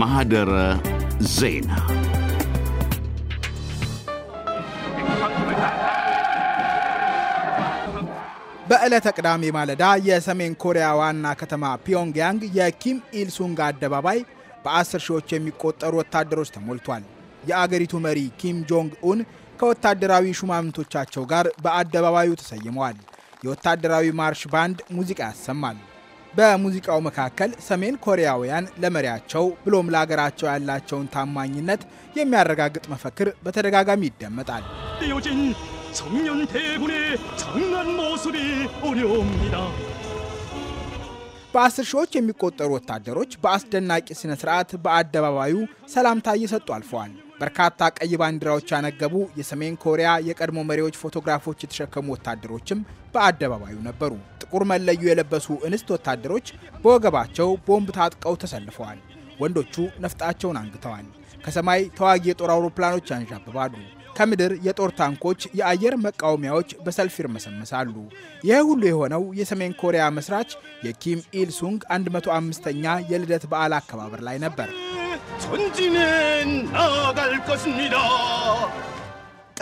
ማህደረ ዜና በዕለተ ቅዳሜ ማለዳ የሰሜን ኮሪያ ዋና ከተማ ፒዮንግያንግ የኪም ኢልሱንግ አደባባይ በአስር ሺዎች የሚቆጠሩ ወታደሮች ተሞልቷል። የአገሪቱ መሪ ኪም ጆንግ ኡን ከወታደራዊ ሹማምንቶቻቸው ጋር በአደባባዩ ተሰይመዋል። የወታደራዊ ማርሽ ባንድ ሙዚቃ ያሰማሉ። በሙዚቃው መካከል ሰሜን ኮሪያውያን ለመሪያቸው ብሎም ለሀገራቸው ያላቸውን ታማኝነት የሚያረጋግጥ መፈክር በተደጋጋሚ ይደመጣል። በአስር ሺዎች የሚቆጠሩ ወታደሮች በአስደናቂ ሥነ ሥርዓት በአደባባዩ ሰላምታ እየሰጡ አልፈዋል። በርካታ ቀይ ባንዲራዎች ያነገቡ የሰሜን ኮሪያ የቀድሞ መሪዎች ፎቶግራፎች የተሸከሙ ወታደሮችም በአደባባዩ ነበሩ። ጥቁር መለዮ የለበሱ እንስት ወታደሮች በወገባቸው ቦምብ ታጥቀው ተሰልፈዋል። ወንዶቹ ነፍጣቸውን አንግተዋል። ከሰማይ ተዋጊ የጦር አውሮፕላኖች ያንዣብባሉ። ከምድር የጦር ታንኮች፣ የአየር መቃወሚያዎች በሰልፍ ይርመሰመሳሉ። ይህ ሁሉ የሆነው የሰሜን ኮሪያ መስራች የኪም ኢል ሱንግ 105ኛ የልደት በዓል አከባበር ላይ ነበር።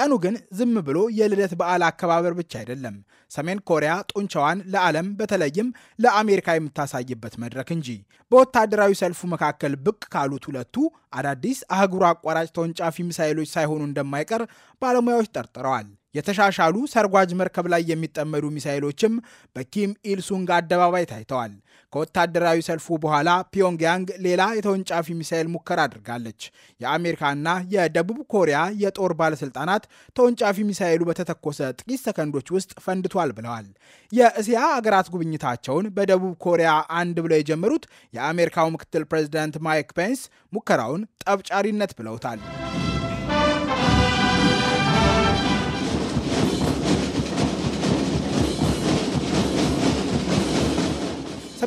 ቀኑ ግን ዝም ብሎ የልደት በዓል አከባበር ብቻ አይደለም፣ ሰሜን ኮሪያ ጡንቻዋን ለዓለም በተለይም ለአሜሪካ የምታሳይበት መድረክ እንጂ። በወታደራዊ ሰልፉ መካከል ብቅ ካሉት ሁለቱ አዳዲስ አህጉር አቋራጭ ተወንጫፊ ሚሳይሎች ሳይሆኑ እንደማይቀር ባለሙያዎች ጠርጥረዋል። የተሻሻሉ ሰርጓጅ መርከብ ላይ የሚጠመዱ ሚሳይሎችም በኪም ኢልሱንግ አደባባይ ታይተዋል። ከወታደራዊ ሰልፉ በኋላ ፒዮንግያንግ ሌላ የተወንጫፊ ሚሳይል ሙከራ አድርጋለች። የአሜሪካና የደቡብ ኮሪያ የጦር ባለስልጣናት ተወንጫፊ ሚሳይሉ በተተኮሰ ጥቂት ሰከንዶች ውስጥ ፈንድቷል ብለዋል። የእስያ አገራት ጉብኝታቸውን በደቡብ ኮሪያ አንድ ብለው የጀመሩት የአሜሪካው ምክትል ፕሬዚዳንት ማይክ ፔንስ ሙከራውን ጠብጫሪነት ብለውታል።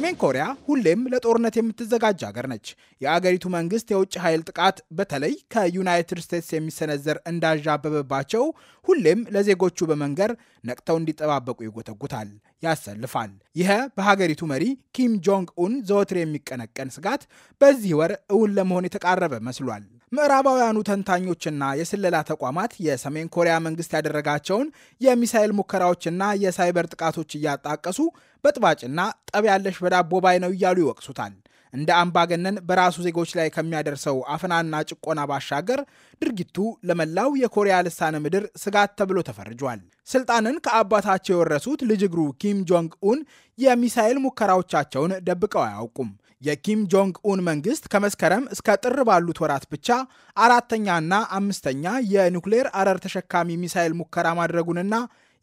ሰሜን ኮሪያ ሁሌም ለጦርነት የምትዘጋጅ ሀገር ነች። የአገሪቱ መንግስት የውጭ ኃይል ጥቃት በተለይ ከዩናይትድ ስቴትስ የሚሰነዘር እንዳዣበበባቸው ሁሌም ለዜጎቹ በመንገር ነቅተው እንዲጠባበቁ ይጎተጉታል፣ ያሰልፋል። ይህ በሀገሪቱ መሪ ኪም ጆንግ ኡን ዘወትር የሚቀነቀን ስጋት በዚህ ወር እውን ለመሆን የተቃረበ መስሏል። ምዕራባውያኑ ተንታኞችና የስለላ ተቋማት የሰሜን ኮሪያ መንግስት ያደረጋቸውን የሚሳኤል ሙከራዎችና የሳይበር ጥቃቶች እያጣቀሱ በጥባጭና ጠብ ያለሽ በዳቦ ባይ ነው እያሉ ይወቅሱታል። እንደ አምባገነን በራሱ ዜጎች ላይ ከሚያደርሰው አፈናና ጭቆና ባሻገር ድርጊቱ ለመላው የኮሪያ ልሳነ ምድር ስጋት ተብሎ ተፈርጇል። ስልጣንን ከአባታቸው የወረሱት ልጅ እግሩ ኪም ጆንግ ኡን የሚሳኤል ሙከራዎቻቸውን ደብቀው አያውቁም። የኪም ጆንግ ኡን መንግስት ከመስከረም እስከ ጥር ባሉት ወራት ብቻ አራተኛና አምስተኛ የኒውክሌር አረር ተሸካሚ ሚሳይል ሙከራ ማድረጉንና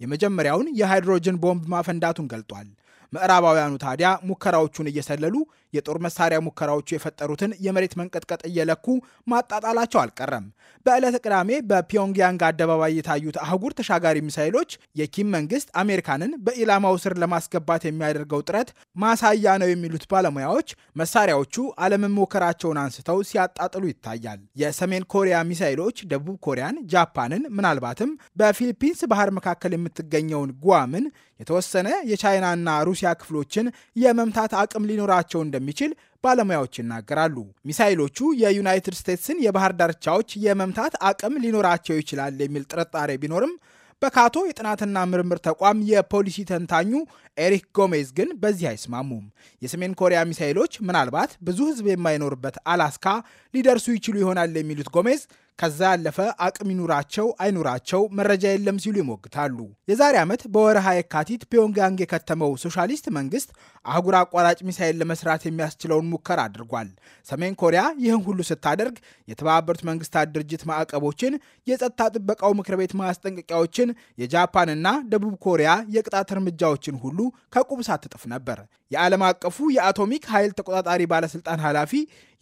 የመጀመሪያውን የሃይድሮጅን ቦምብ ማፈንዳቱን ገልጧል። ምዕራባውያኑ ታዲያ ሙከራዎቹን እየሰለሉ የጦር መሳሪያ ሙከራዎቹ የፈጠሩትን የመሬት መንቀጥቀጥ እየለኩ ማጣጣላቸው አልቀረም። በዕለተ ቅዳሜ በፒዮንግያንግ አደባባይ የታዩት አህጉር ተሻጋሪ ሚሳይሎች የኪም መንግስት አሜሪካንን በኢላማው ስር ለማስገባት የሚያደርገው ጥረት ማሳያ ነው የሚሉት ባለሙያዎች መሳሪያዎቹ ሞከራቸውን አንስተው ሲያጣጥሉ ይታያል። የሰሜን ኮሪያ ሚሳይሎች ደቡብ ኮሪያን፣ ጃፓንን፣ ምናልባትም በፊሊፒንስ ባህር መካከል የምትገኘውን ጉዋምን የተወሰነ የቻይናና ሩሲያ የሩሲያ ክፍሎችን የመምታት አቅም ሊኖራቸው እንደሚችል ባለሙያዎች ይናገራሉ። ሚሳይሎቹ የዩናይትድ ስቴትስን የባህር ዳርቻዎች የመምታት አቅም ሊኖራቸው ይችላል የሚል ጥርጣሬ ቢኖርም በካቶ የጥናትና ምርምር ተቋም የፖሊሲ ተንታኙ ኤሪክ ጎሜዝ ግን በዚህ አይስማሙም። የሰሜን ኮሪያ ሚሳይሎች ምናልባት ብዙ ሕዝብ የማይኖርበት አላስካ ሊደርሱ ይችሉ ይሆናል የሚሉት ጎሜዝ ከዛ ያለፈ አቅም ይኑራቸው አይኑራቸው መረጃ የለም ሲሉ ይሞግታሉ። የዛሬ ዓመት በወርሃ የካቲት ፒዮንግያንግ የከተመው ሶሻሊስት መንግስት አህጉር አቋራጭ ሚሳይል ለመስራት የሚያስችለውን ሙከራ አድርጓል። ሰሜን ኮሪያ ይህን ሁሉ ስታደርግ የተባበሩት መንግስታት ድርጅት ማዕቀቦችን፣ የጸጥታ ጥበቃው ምክር ቤት ማስጠንቀቂያዎችን፣ የጃፓንና ደቡብ ኮሪያ የቅጣት እርምጃዎችን ሁሉ ከቁብ ሳትጥፍ ነበር። የዓለም አቀፉ የአቶሚክ ኃይል ተቆጣጣሪ ባለስልጣን ኃላፊ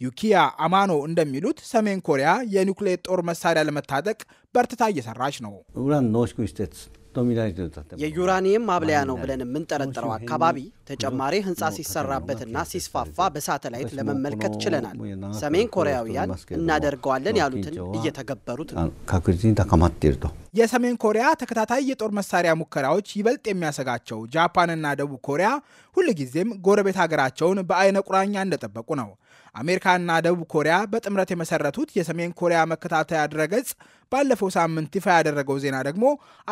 ዩኪያ አማኖ እንደሚሉት ሰሜን ኮሪያ የኒውክሌር ጦር መሳሪያ ለመታጠቅ በርትታ እየሰራች ነው። የዩራኒየም ማብለያ ነው ብለን የምንጠረጥረው አካባቢ ተጨማሪ ህንፃ ሲሰራበትና ሲስፋፋ በሳተላይት ለመመልከት ችለናል። ሰሜን ኮሪያውያን እናደርገዋለን ያሉትን እየተገበሩት ነው። የሰሜን ኮሪያ ተከታታይ የጦር መሳሪያ ሙከራዎች ይበልጥ የሚያሰጋቸው ጃፓንና ደቡብ ኮሪያ ሁልጊዜም ጎረቤት ሀገራቸውን በአይነ ቁራኛ እንደጠበቁ ነው። አሜሪካና ደቡብ ኮሪያ በጥምረት የመሰረቱት የሰሜን ኮሪያ መከታተያ ድረገጽ ባለፈው ሳምንት ይፋ ያደረገው ዜና ደግሞ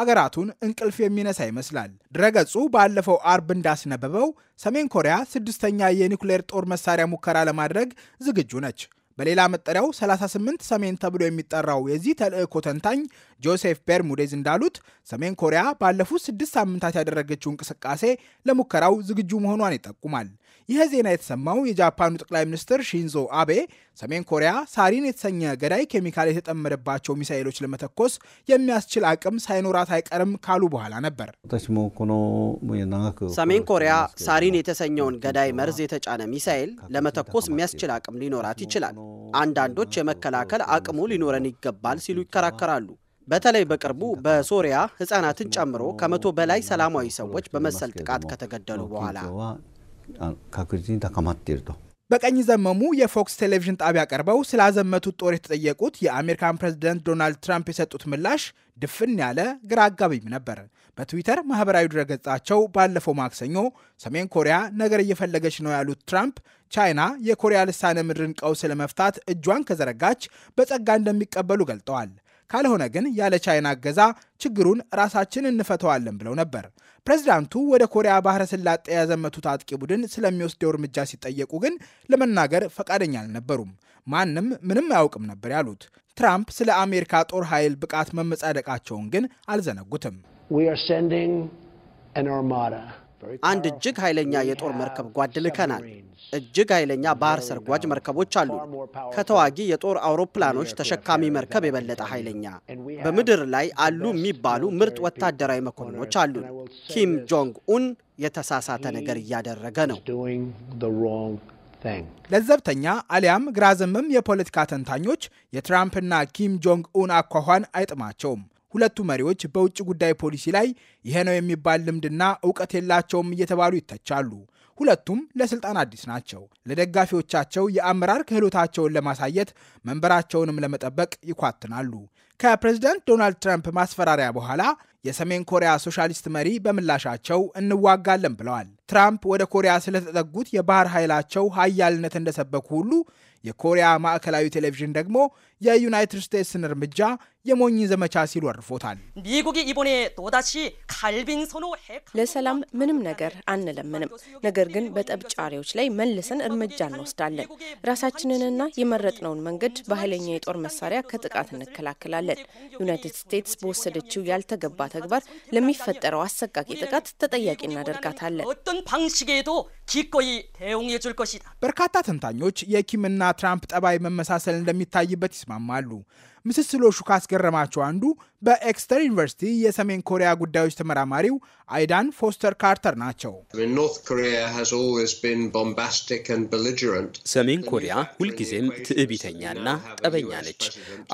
አገራቱን እንቅልፍ የሚነሳ ይመስላል። ድረገጹ ባለፈው አርብ እንዳስነበበው ሰሜን ኮሪያ ስድስተኛ የኒውክሌር ጦር መሳሪያ ሙከራ ለማድረግ ዝግጁ ነች። በሌላ መጠሪያው 38 ሰሜን ተብሎ የሚጠራው የዚህ ተልእኮ ተንታኝ ጆሴፍ ቤርሙዴዝ እንዳሉት ሰሜን ኮሪያ ባለፉት ስድስት ሳምንታት ያደረገችው እንቅስቃሴ ለሙከራው ዝግጁ መሆኗን ይጠቁማል። ይህ ዜና የተሰማው የጃፓኑ ጠቅላይ ሚኒስትር ሺንዞ አቤ ሰሜን ኮሪያ ሳሪን የተሰኘ ገዳይ ኬሚካል የተጠመደባቸው ሚሳይሎች ለመተኮስ የሚያስችል አቅም ሳይኖራት አይቀርም ካሉ በኋላ ነበር። ሰሜን ኮሪያ ሳሪን የተሰኘውን ገዳይ መርዝ የተጫነ ሚሳይል ለመተኮስ የሚያስችል አቅም ሊኖራት ይችላል። አንዳንዶች የመከላከል አቅሙ ሊኖረን ይገባል ሲሉ ይከራከራሉ። በተለይ በቅርቡ በሶሪያ ሕፃናትን ጨምሮ ከመቶ በላይ ሰላማዊ ሰዎች በመሰል ጥቃት ከተገደሉ በኋላ 確実に高まっていると በቀኝ ዘመሙ የፎክስ ቴሌቪዥን ጣቢያ ቀርበው ስላዘመቱት ጦር የተጠየቁት የአሜሪካን ፕሬዝደንት ዶናልድ ትራምፕ የሰጡት ምላሽ ድፍን ያለ ግራ አጋቢም ነበር። በትዊተር ማህበራዊ ድረገጻቸው ባለፈው ማክሰኞ ሰሜን ኮሪያ ነገር እየፈለገች ነው ያሉት ትራምፕ ቻይና የኮሪያ ልሳነ ምድርን ቀውስ ለመፍታት እጇን ከዘረጋች በጸጋ እንደሚቀበሉ ገልጠዋል። ካልሆነ ግን ያለ ቻይና እገዛ ችግሩን ራሳችን እንፈተዋለን ብለው ነበር። ፕሬዚዳንቱ ወደ ኮሪያ ባህረ ስላጤ ያዘመቱት አጥቂ ቡድን ስለሚወስደው እርምጃ ሲጠየቁ ግን ለመናገር ፈቃደኛ አልነበሩም። ማንም ምንም አያውቅም ነበር ያሉት ትራምፕ ስለ አሜሪካ ጦር ኃይል ብቃት መመጻደቃቸውን ግን አልዘነጉትም። አንድ እጅግ ኃይለኛ የጦር መርከብ ጓድ ልከናል። እጅግ ኃይለኛ ባህር ሰርጓጅ መርከቦች አሉ። ከተዋጊ የጦር አውሮፕላኖች ተሸካሚ መርከብ የበለጠ ኃይለኛ። በምድር ላይ አሉ የሚባሉ ምርጥ ወታደራዊ መኮንኖች አሉ ኪም ጆንግ ኡን የተሳሳተ ነገር እያደረገ ነው። ለዘብተኛ አሊያም ግራዝምም የፖለቲካ ተንታኞች የትራምፕና ኪም ጆንግ ኡን አኳኋን አይጥማቸውም። ሁለቱ መሪዎች በውጭ ጉዳይ ፖሊሲ ላይ ይሄ ነው የሚባል ልምድና እውቀት የላቸውም እየተባሉ ይተቻሉ። ሁለቱም ለስልጣን አዲስ ናቸው። ለደጋፊዎቻቸው የአመራር ክህሎታቸውን ለማሳየት መንበራቸውንም ለመጠበቅ ይኳትናሉ። ከፕሬዚዳንት ዶናልድ ትራምፕ ማስፈራሪያ በኋላ የሰሜን ኮሪያ ሶሻሊስት መሪ በምላሻቸው እንዋጋለን ብለዋል። ትራምፕ ወደ ኮሪያ ስለተጠጉት የባህር ኃይላቸው ሀያልነት እንደሰበኩ ሁሉ የኮሪያ ማዕከላዊ ቴሌቪዥን ደግሞ የዩናይትድ ስቴትስን እርምጃ የሞኝ ዘመቻ ሲሉ አርፎታል። ለሰላም ምንም ነገር አንለምንም፣ ነገር ግን በጠብጫሪዎች ላይ መልሰን እርምጃ እንወስዳለን። ራሳችንንና የመረጥነውን መንገድ በኃይለኛ የጦር መሳሪያ ከጥቃት እንከላከላለን። ዩናይትድ ስቴትስ በወሰደችው ያልተገባ ተግባር ለሚፈጠረው አሰቃቂ ጥቃት ተጠያቂ እናደርጋታለን። በርካታ ተንታኞች የኪምና ትራምፕ ጠባይ መመሳሰል እንደሚታይበት ይስማማሉ። ምስስሎቹ ካስገረማቸው አንዱ በኤክስተር ዩኒቨርሲቲ የሰሜን ኮሪያ ጉዳዮች ተመራማሪው አይዳን ፎስተር ካርተር ናቸው። ሰሜን ኮሪያ ሁልጊዜም ትዕቢተኛና ጠበኛ ነች።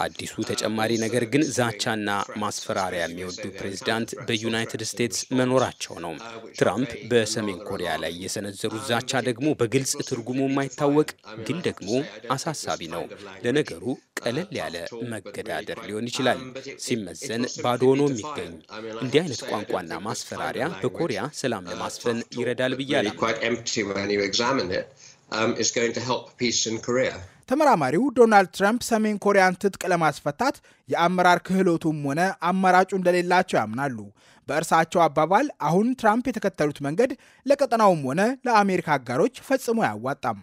አዲሱ ተጨማሪ ነገር ግን ዛቻና ማስፈራሪያ የሚወዱ ፕሬዚዳንት በዩናይትድ ስቴትስ መኖራቸው ነው። ትራምፕ በሰሜን ኮሪያ ላይ የሰነዘሩት ዛቻ ደግሞ በግልጽ ትርጉሙ የማይታወቅ ግን ደግሞ አሳሳቢ ነው። ለነገሩ ቀለል ያለ መ መገዳደር ሊሆን ይችላል ሲመዘን ባዶ ሆኖ የሚገኝ እንዲህ አይነት ቋንቋና ማስፈራሪያ በኮሪያ ሰላም ለማስፈን ይረዳል ብያለሁ። um, ተመራማሪው ዶናልድ ትራምፕ ሰሜን ኮሪያን ትጥቅ ለማስፈታት የአመራር ክህሎቱም ሆነ አማራጩ እንደሌላቸው ያምናሉ። በእርሳቸው አባባል አሁን ትራምፕ የተከተሉት መንገድ ለቀጠናውም ሆነ ለአሜሪካ አጋሮች ፈጽሞ አያዋጣም።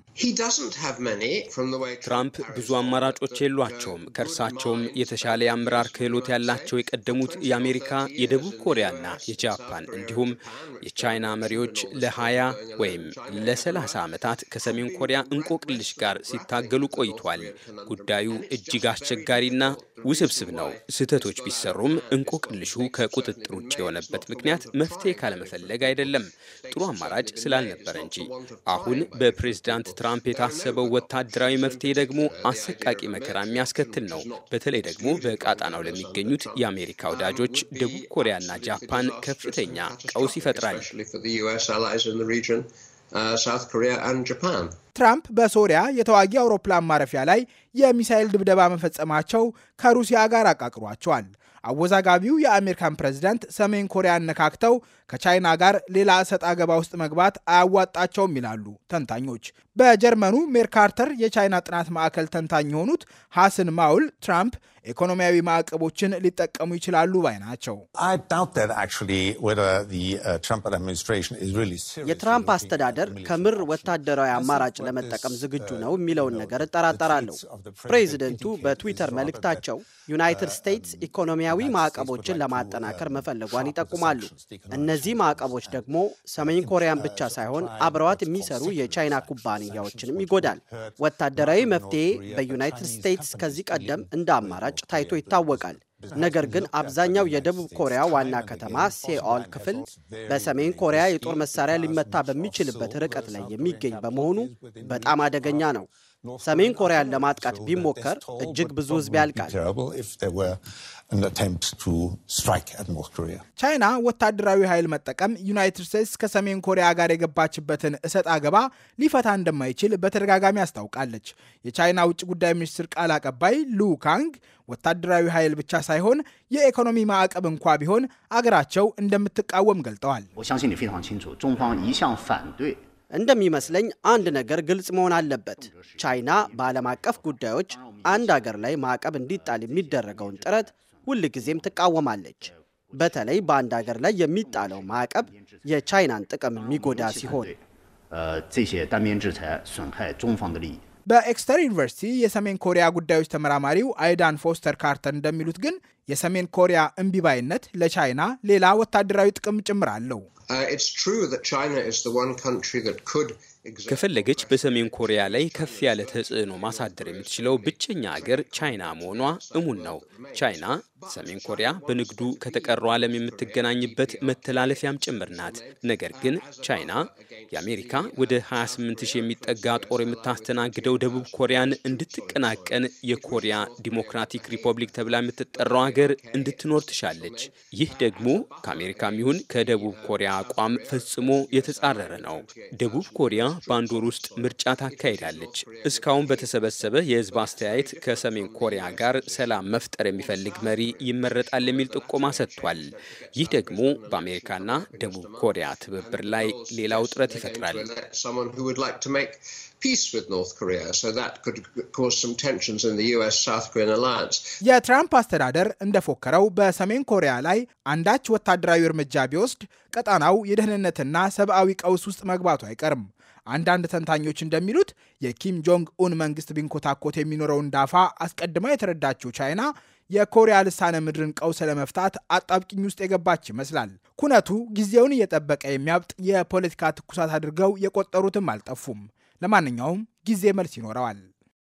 ትራምፕ ብዙ አማራጮች የሏቸውም። ከእርሳቸውም የተሻለ የአመራር ክህሎት ያላቸው የቀደሙት የአሜሪካ፣ የደቡብ ኮሪያና የጃፓን እንዲሁም የቻይና መሪዎች ለ20 ወይም ለ30 ዓመታት ከሰሜን ኮሪያ እንቆቅልሽ ጋር ሲታገሉ ቆይቷል። ጉዳዩ እጅግ አስቸጋሪና ውስብ ውስብስብ ነው። ስህተቶች ቢሰሩም እንቆቅልሹ ከቁጥጥር ውጭ የሆነበት ምክንያት መፍትሄ ካለመፈለግ አይደለም፣ ጥሩ አማራጭ ስላልነበረ እንጂ። አሁን በፕሬዝዳንት ትራምፕ የታሰበው ወታደራዊ መፍትሄ ደግሞ አሰቃቂ መከራ የሚያስከትል ነው። በተለይ ደግሞ በቃጣናው ለሚገኙት የአሜሪካ ወዳጆች ደቡብ ኮሪያና ጃፓን ከፍተኛ ቀውስ ይፈጥራል። ትራምፕ በሶሪያ የተዋጊ አውሮፕላን ማረፊያ ላይ የሚሳኤል ድብደባ መፈጸማቸው ከሩሲያ ጋር አቃቅሯቸዋል። አወዛጋቢው የአሜሪካን ፕሬዝዳንት ሰሜን ኮሪያ አነካክተው ከቻይና ጋር ሌላ እሰጥ አገባ ውስጥ መግባት አያዋጣቸውም ይላሉ ተንታኞች። በጀርመኑ ሜርካርተር የቻይና ጥናት ማዕከል ተንታኝ የሆኑት ሐስን ማውል ትራምፕ ኢኮኖሚያዊ ማዕቀቦችን ሊጠቀሙ ይችላሉ ባይ ናቸው። uh, የትራምፕ አስተዳደር ከምር ወታደራዊ አማራጭ ለመጠቀም ዝግጁ ነው የሚለውን uh, ነገር እጠራጠራለሁ። ፕሬዚደንቱ በትዊተር መልእክታቸው uh, ዩናይትድ ስቴትስ um, ኢኮኖሚያዊ ማዕቀቦችን uh, ለማጠናከር መፈለጓን ይጠቁማሉ። እነዚህ ማዕቀቦች ደግሞ ሰሜን ኮሪያን ብቻ ሳይሆን አብረዋት የሚሰሩ የቻይና ኩባንያዎችንም ይጎዳል። ወታደራዊ መፍትሄ በዩናይትድ ስቴትስ ከዚህ ቀደም እንደ አማራጭ ታይቶ ይታወቃል። ነገር ግን አብዛኛው የደቡብ ኮሪያ ዋና ከተማ ሴኦል ክፍል በሰሜን ኮሪያ የጦር መሳሪያ ሊመታ በሚችልበት ርቀት ላይ የሚገኝ በመሆኑ በጣም አደገኛ ነው። ሰሜን ኮሪያን ለማጥቃት ቢሞከር እጅግ ብዙ ህዝብ ያልቃል። ቻይና ወታደራዊ ኃይል መጠቀም ዩናይትድ ስቴትስ ከሰሜን ኮሪያ ጋር የገባችበትን እሰጥ አገባ ሊፈታ እንደማይችል በተደጋጋሚ አስታውቃለች። የቻይና ውጭ ጉዳይ ሚኒስትር ቃል አቀባይ ሉ ካንግ ወታደራዊ ኃይል ብቻ ሳይሆን የኢኮኖሚ ማዕቀብ እንኳ ቢሆን አገራቸው እንደምትቃወም ገልጠዋል። እንደሚመስለኝ አንድ ነገር ግልጽ መሆን አለበት። ቻይና በዓለም አቀፍ ጉዳዮች አንድ አገር ላይ ማዕቀብ እንዲጣል የሚደረገውን ጥረት ሁልጊዜም ትቃወማለች። በተለይ በአንድ አገር ላይ የሚጣለው ማዕቀብ የቻይናን ጥቅም የሚጎዳ ሲሆን በኤክስተር ዩኒቨርሲቲ የሰሜን ኮሪያ ጉዳዮች ተመራማሪው አይዳን ፎስተር ካርተር እንደሚሉት ግን የሰሜን ኮሪያ እምቢባይነት ለቻይና ሌላ ወታደራዊ ጥቅም ጭምር አለው። uh, ከፈለገች በሰሜን ኮሪያ ላይ ከፍ ያለ ተጽዕኖ ማሳደር የምትችለው ብቸኛ አገር ቻይና መሆኗ እሙን ነው። ቻይና ሰሜን ኮሪያ በንግዱ ከተቀረው ዓለም የምትገናኝበት መተላለፊያም ጭምር ናት። ነገር ግን ቻይና የአሜሪካ ወደ 28 ሺህ የሚጠጋ ጦር የምታስተናግደው ደቡብ ኮሪያን እንድትቀናቀን የኮሪያ ዲሞክራቲክ ሪፐብሊክ ተብላ የምትጠራው አገር ሀገር እንድትኖር ትሻለች። ይህ ደግሞ ከአሜሪካም ይሁን ከደቡብ ኮሪያ አቋም ፈጽሞ የተጻረረ ነው። ደቡብ ኮሪያ በአንድ ወር ውስጥ ምርጫ ታካሂዳለች። እስካሁን በተሰበሰበ የህዝብ አስተያየት ከሰሜን ኮሪያ ጋር ሰላም መፍጠር የሚፈልግ መሪ ይመረጣል የሚል ጥቆማ ሰጥቷል። ይህ ደግሞ በአሜሪካና ደቡብ ኮሪያ ትብብር ላይ ሌላ ውጥረት ይፈጥራል። የትራምፕ አስተዳደር እንደፎከረው በሰሜን ኮሪያ ላይ አንዳች ወታደራዊ እርምጃ ቢወስድ ቀጣናው የደህንነትና ሰብአዊ ቀውስ ውስጥ መግባቱ አይቀርም። አንዳንድ ተንታኞች እንደሚሉት የኪም ጆንግ ኡን መንግስት ቢንኮታኮት የሚኖረውን ዳፋ አስቀድማ የተረዳችው ቻይና የኮሪያ ልሳነ ምድርን ቀውስ ለመፍታት አጣብቂኝ ውስጥ የገባች ይመስላል። ኩነቱ ጊዜውን እየጠበቀ የሚያብጥ የፖለቲካ ትኩሳት አድርገው የቆጠሩትም አልጠፉም። ለማንኛውም ጊዜ መልስ ይኖረዋል።